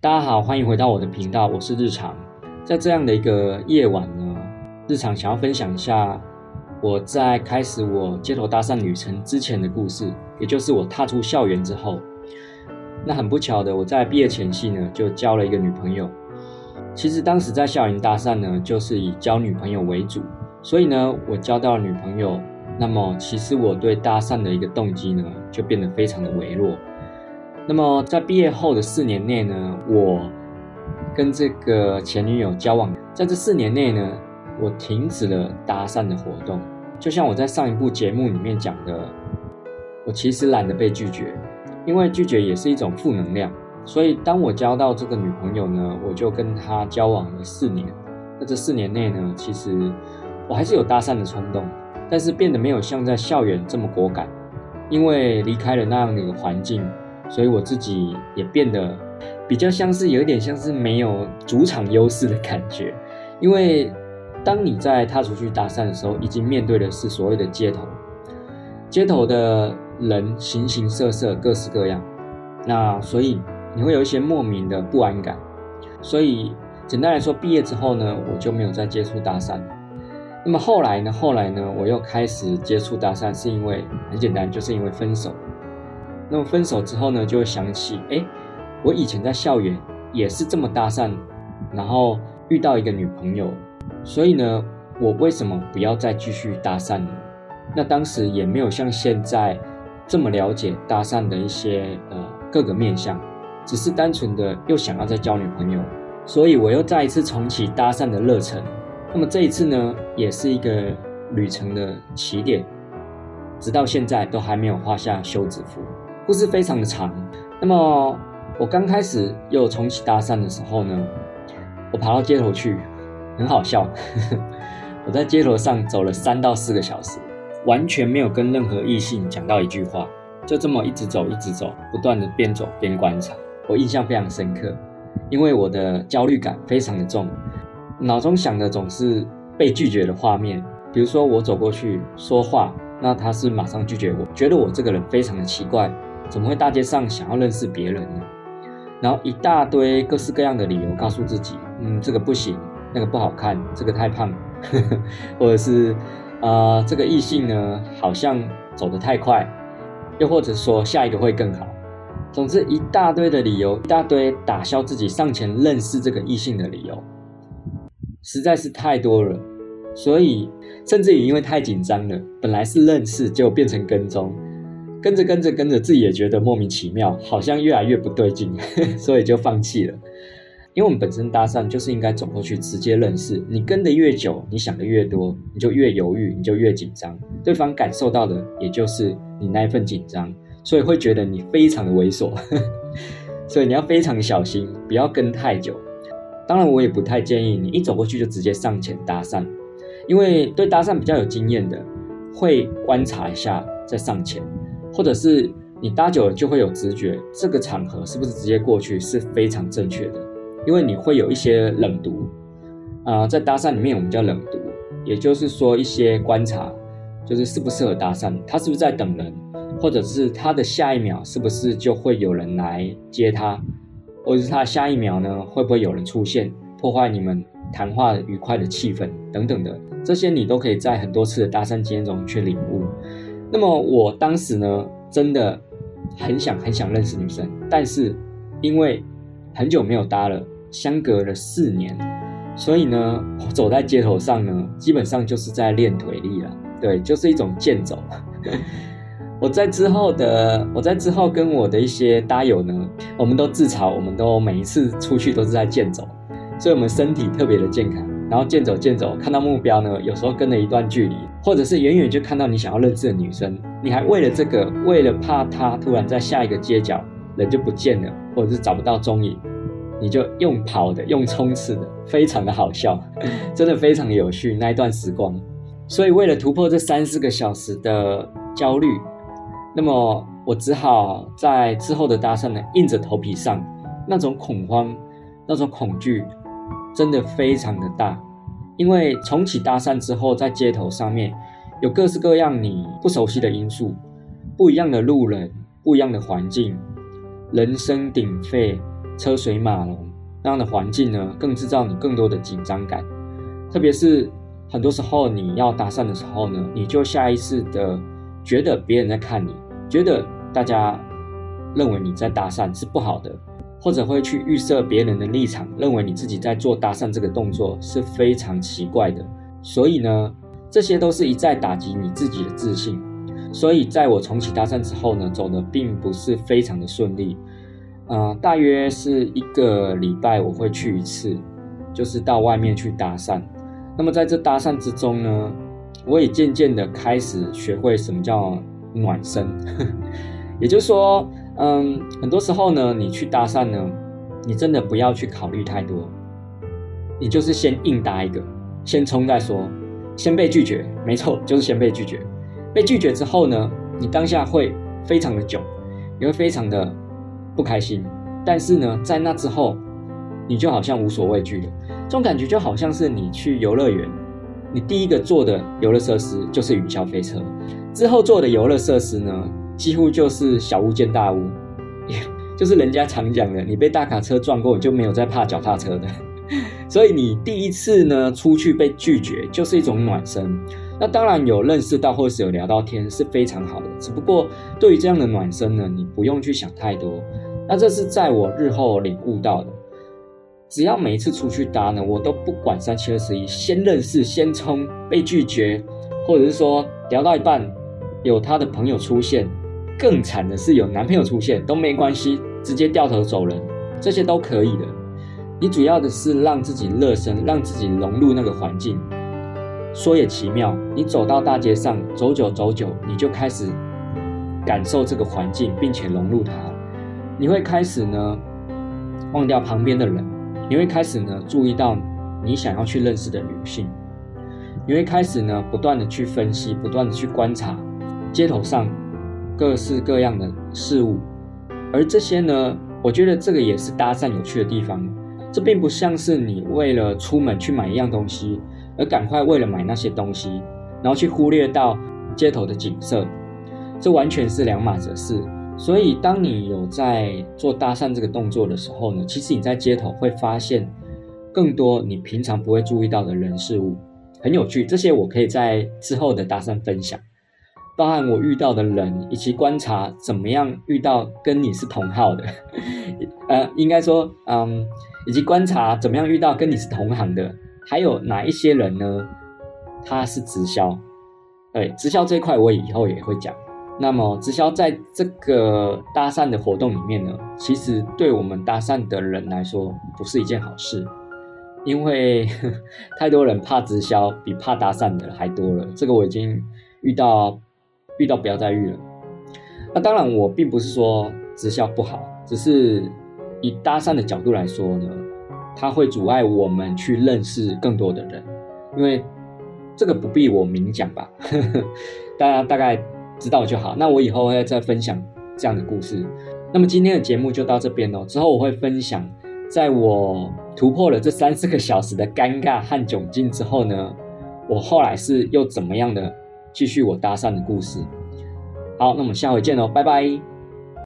大家好，歡迎回到我的頻道，我是日常。在這樣的一個夜晚呢，日常想要分享一下我在開始我街頭搭訕旅程之前的故事，也就是我踏出校園之後。那很不巧的，我在畢業前夕呢，就交了一個女朋友。其實當時在校園搭訕呢，就是以交女朋友為主，所以呢，我交到了女朋友。那麼，其實我對搭訕的一個動機呢，就變得非常的微弱。那麼，在畢業後的四年內呢，我跟這個前女友交往，在這四年內呢，我停止了搭訕的活動。就像我在上一部節目裡面講的，我其實懶得被拒絕，因為拒絕也是一種負能量。所以，當我交到這個女朋友呢，我就跟她交往了四年。那這四年內呢，其實我還是有搭訕的衝動，但是變得沒有像在校園這麼果敢，因為離開了那樣的一個環境，所以我自己也變得比較像是有點像是沒有主場優勢的感覺。因為當你在踏出去搭訕的時候，已經面對的是所謂的街頭，街頭的人形形色色，各式各樣。那所以。你會有一些莫名的不安感，所以簡單來說，畢業之後呢，我就沒有再接觸搭訕。那麼後來呢？後來呢？我又開始接觸搭訕，是因為很簡單，就是因為分手。那麼分手之後呢，就會想起，哎，我以前在校園也是這麼搭訕，然後遇到一個女朋友，所以呢，我為什麼不要再繼續搭訕呢？那當時也沒有像現在這麼了解搭訕的一些呃各個面向。只是單純的又想要再交女朋友，所以我又再一次重啟搭訕的熱忱。那麼這一次呢，也是一個旅程的起點。直到現在都還沒有畫下休止符。故事非常的長。那麼我剛開始又重啟搭訕的時候呢，我跑到街頭去，很好笑，呵呵。我在街頭上走了三到四個小時，完全沒有跟任何異性講到一句話，就這麼一直走，一直走，不斷的邊走邊觀察。我印象非常深刻，因為我的焦慮感非常的重，腦中想的總是被拒絕的畫面。比如說我走過去說話，那他是馬上拒絕我，覺得我這個人非常的奇怪，怎麼會大街上想要認識別人呢？然後一大堆各式各樣的理由告訴自己，嗯，這個不行，那個不好看，這個太胖，呵呵，或者是啊，呃，這個異性呢，好像走得太快，又或者說下一個會更好。總之，一大堆的理由，一大堆打消自己上前認識這個異性的理由，實在是太多了。所以，甚至也因為太緊張了，本來是認識就變成跟蹤，跟着跟着跟着，自己也覺得莫名其妙，好像越來越不對勁，呵呵，所以就放棄了。因為我們本身搭訕就是應該走過去直接認識，你跟得越久，你想得越多，你就越猶豫，你就越緊張，對方感受到的也就是你那一份緊張。所以會覺得你非常的猥瑣， 所以你要非常小心，不要跟太久。當然，我也不太建議你一走過去就直接上前搭訕，因為對搭訕比較有經驗的，會觀察一下再上前，或者是你搭久了就會有直覺，這個場合是不是直接過去是非常正確的，因為你會有一些冷讀啊、呃，在搭訕裡面我們叫冷讀，也就是說一些觀察，就是適不適合搭訕，他是不是在等人。或者是他的下一秒是不是就會有人來接他，或者是他下一秒呢會不會有人出現破壞你們談話愉快的氣氛等等的，這些你都可以在很多次的搭訕經驗中去領悟。那麼我當時呢真的很想很想認識女生，但是因為很久沒有搭了，相隔了四年，所以呢我走在街頭上呢基本上就是在練腿力了，對，就是一種健走。 我在之後的，我在之後跟我的一些搭友呢，我們都自嘲，我們都每一次出去都是在健走，所以我們身體特別的健康。然後健走健走，看到目標呢，有時候跟了一段距離，或者是遠遠就看到你想要認識的女生，你還為了這個，為了怕她突然在下一個街角人就不見了，或者是找不到蹤影，你就用跑的，用衝刺的，非常的好笑，真的非常有趣，那一段時光。所以為了突破這三四個小時的焦慮。那麼我只好在之後的搭訕呢，硬着頭皮上，那種恐慌，那種恐懼，真的非常的大。因為重啟搭訕之後，在街頭上面，有各式各樣你不熟悉的因素，不一樣的路人，不一樣的環境，人聲鼎沸，車水馬龍，那樣的環境呢，更制造你更多的緊張感。特別是很多時候你要搭訕的時候呢，你就下意識的覺得別人在看你。覺得大家認為你在搭訕是不好的，或者會去預設別人的立場，認為你自己在做搭訕這個動作是非常奇怪的。所以呢，這些都是一再打擊你自己的自信。所以在我重啟搭訕之後呢，走的並不是非常的順利。嗯、呃，大約是一個禮拜我會去一次，就是到外面去搭訕。那麼在這搭訕之中呢，我也漸漸的開始學會什麼叫暖身， 也就是說，嗯，很多時候呢，你去搭訕呢，你真的不要去考慮太多，你就是先硬搭一個，先衝再說，先被拒絕，沒錯，就是先被拒絕。被拒絕之後呢，你當下會非常的囧，你會非常的不開心。但是呢，在那之後，你就好像無所畏懼了，這種感覺就好像是你去遊樂園，你第一個坐的遊樂設施就是雲霄飛車。之後做的遊樂設施呢，幾乎就是小巫見大巫，yeah, 就是人家常講的，你被大卡車撞過，你就沒有再怕腳踏車的。 所以你第一次呢出去被拒絕，就是一種暖身。那當然有認識到或是有聊到天是非常好的。只不過對於這樣的暖身呢，你不用去想太多。那這是在我日後領悟到的。只要每一次出去搭呢，我都不管三七二十一，先認識，先衝，被拒絕，或者是說聊到一半，有他的朋友出現，更慘的是有男朋友出現，都沒關係，直接掉頭走人，這些都可以的。你主要的是讓自己熱身，讓自己融入那個環境。說也奇妙，你走到大街上走久走久，你就開始感受這個環境，並且融入它。你會開始呢忘掉旁邊的人，你會開始呢注意到你想要去認識的女性，你會開始呢不斷的去分析，不斷的去觀察。街頭上各式各樣的事物，而這些呢，我覺得這個也是搭訕有趣的地方。這並不像是你為了出門去買一樣東西而趕快為了買那些東西，然後去忽略到街頭的景色，這完全是兩碼子事。所以，當你有在做搭訕這個動作的時候呢，其實你在街頭會發現更多你平常不會注意到的人事物，很有趣。這些我可以在之後的搭訕分享。包含我遇到的人，以及觀察怎麼樣遇到跟你是同好的， 呃，應該說，嗯，以及觀察怎麼樣遇到跟你是同行的，還有哪一些人呢？他是直銷，對，直銷這一塊我以後也會講。那麼，直銷在這個搭訕的活動裡面呢，其實對我們搭訕的人來說不是一件好事，因為太多人怕直銷比怕搭訕的還多了。這個我已經遇到。遇到不要再遇了。那、啊、當然，我並不是說直銷不好，只是以搭訕的角度來說呢，它會阻礙我們去認識更多的人，因為這個不必我明講吧，呵呵，大家大概知道就好。那我以後會再分享這樣的故事。那麼今天的節目就到這邊嘍、哦。之後我會分享，在我突破了這三四個小時的尷尬和窘境之後呢，我後來是又怎麼樣呢？繼續我搭訕的故事，好，那我們下回見嘍、哦，拜拜。